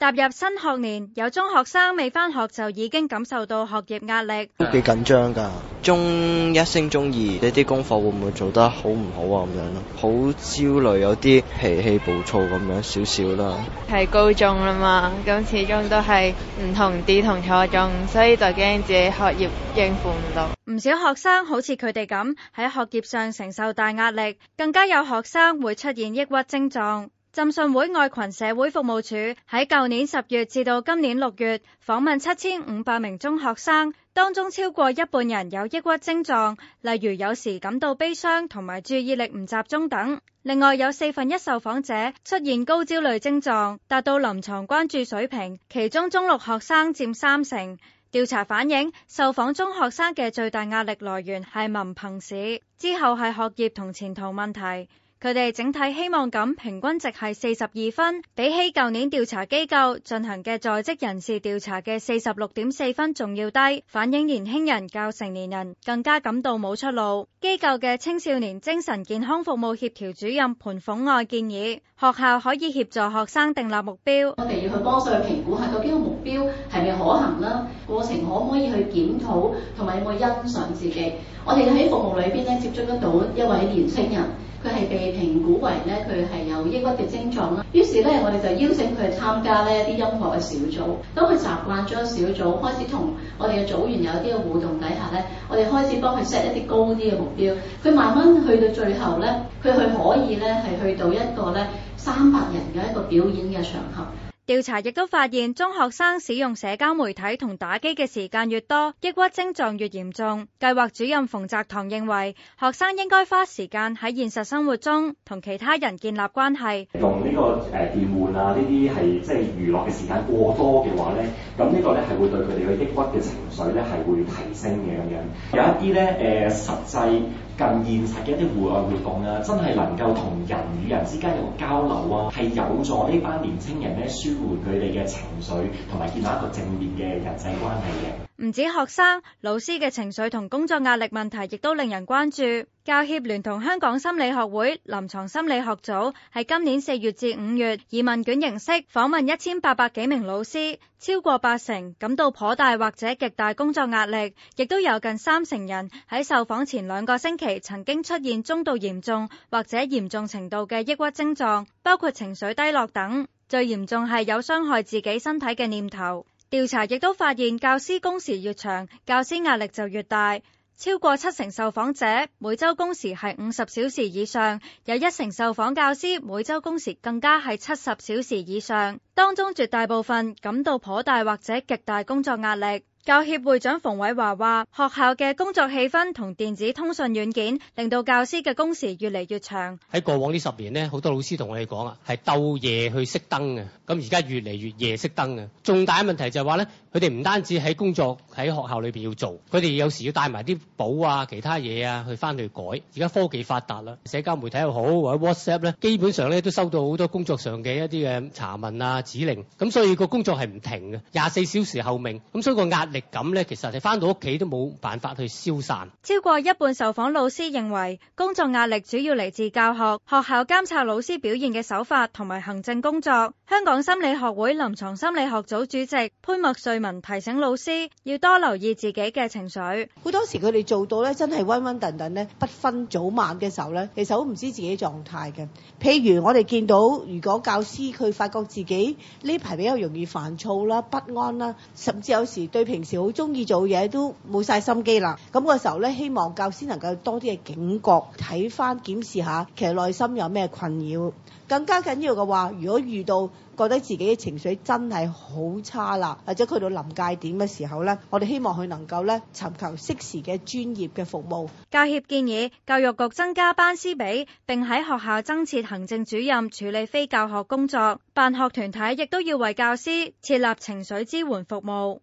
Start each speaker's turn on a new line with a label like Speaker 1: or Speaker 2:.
Speaker 1: 踏入新學年，有中學生未返學就已經感受到學業壓力，都幾緊張噶。中一升中二呢啲功課會唔會做得好唔好啊？咁樣咯，好焦慮，有啲脾氣暴躁咁樣少少啦。係高中啦嘛，咁始終都係唔同啲同初中，所以就驚自己學業應付唔到。唔少學生好似佢哋咁喺學業上承受大壓力，更加有學生會出現抑鬱症狀。浸信會愛羣社會服務處喺舊年十月至到今年六月訪問七千五百名中學生，當中超過一半人有抑鬱症狀，例如有時感到悲傷同埋注意力唔集中等。另外有四分一受訪者出現高焦慮症狀，達到臨床關注水平，其中中六學生佔三成。調查反映，受訪中學生嘅最大壓力來源係文憑試，之後係學業同前途問題。佢哋整體希望感平均值係四十二分，比起舊年調查機構進行嘅在職人士調查嘅四十六點四分，仲要低，反映年輕人較成年人更加感到冇出路。機構嘅青少年精神健康服務協調主任盤鳳愛建議，學校可以協助學生訂立目標。我哋要去幫佢去評估下究竟個目標係咪可行啦，
Speaker 2: 過程可唔可以去檢討，同埋有冇欣賞自己。我哋喺服務裏邊呢，接觸得到一位年輕人。佢係被評估為咧，佢係有抑鬱嘅症狀啦。於是咧，我哋就邀請佢去參加咧啲音樂嘅小組。當佢習慣咗小組，開始同我哋嘅組員有啲嘅互動底下咧，我哋開始幫佢 set 一啲高啲嘅目標。佢慢慢去到最後咧，佢去可以咧係去到一個咧三百人嘅一個表演嘅場合。
Speaker 1: 調查亦都發現，中學生使用社交媒體同打機嘅時間越多，抑鬱症狀越嚴重。計劃主任馮澤棠認為，學生應該花時間喺現實生活中同其他人建立關係。同呢個
Speaker 2: 誒電玩啊，呢啲係即係娛樂嘅時間過多嘅話咧，咁呢個咧係會對佢哋嘅抑鬱嘅情緒咧係會提升嘅咁樣。有一啲咧誒實際。更現實嘅一啲戶外活動啊，真係能夠同人與人之間有交流啊，係有助呢班年青人舒緩佢哋嘅情緒，同埋建立一個正面嘅人際關係。
Speaker 1: 唔止學生，老師嘅情緒同工作壓力問題亦都令人關注。教協聯同香港心理學會臨床心理學組喺今年四月至五月以問卷形式訪問一千八百幾名老師，超過八成感到頗大或者極大工作壓力，亦都有近三成人喺受訪前兩個星期曾經出現中度嚴重或者嚴重程度嘅抑鬱症狀，包括情緒低落等，最嚴重係有傷害自己身體嘅念頭。調查亦都發現，教師工時越長，教師壓力就越大。超過七成受訪者，每週工時係五十小時以上，有一成受訪教師，每週工時更加係七十小時以上。當中絕大部分感到頗大或者極大工作壓力。教協會長馮偉華話，學校嘅工作氣氛同電子通訊軟件，令到教師嘅工時越嚟越長。
Speaker 3: 喺過往呢十年呢，好多老師同我哋講啊，係鬥夜去熄燈嘅。咁而家越嚟越夜熄燈嘅。重大嘅問題就係話咧，佢哋唔單止喺工作喺學校裏邊要做，佢哋有時要帶埋啲簿啊、其他嘢啊去返去改。而家科技發達啦，社交媒體又好，或者 WhatsApp 咧，基本上咧都收到好多工作上嘅一啲嘅查問啊。指令咁，所以個工作係唔停嘅，廿四小時候命，咁所以個壓力感咧，其實你翻到屋企都冇辦法去消散。
Speaker 1: 超過一半受訪老師認為工作壓力主要嚟自教學，學校監察老師表現嘅手法同埋行政工作。香港心理學會臨床心理學組主席潘莫瑞文提醒老師要多留意自己嘅情緒。
Speaker 3: 好多時佢哋做到咧，真係温温頓頓咧，不分早晚嘅時候咧，其實好唔知自己狀態嘅。譬如我哋見到，如果教師佢發覺自己，呢排比較容易煩躁啦、不安啦，甚至有時對平時好中意做嘢都冇晒心機啦。咁、嗰個時候咧，希望教師能夠多啲嘅警覺，睇翻檢視下其實內心有咩困擾。更加緊要嘅話，如果遇到覺得自己嘅情緒真係好差啦，或者去到臨界點嘅時候咧，我哋希望佢能夠咧尋求適時嘅專業嘅服務。
Speaker 1: 教協建議教育局增加班師比，並喺學校增設行政主任處理非教學工作，辦學團體，亦都要為教師設立情緒支援服務。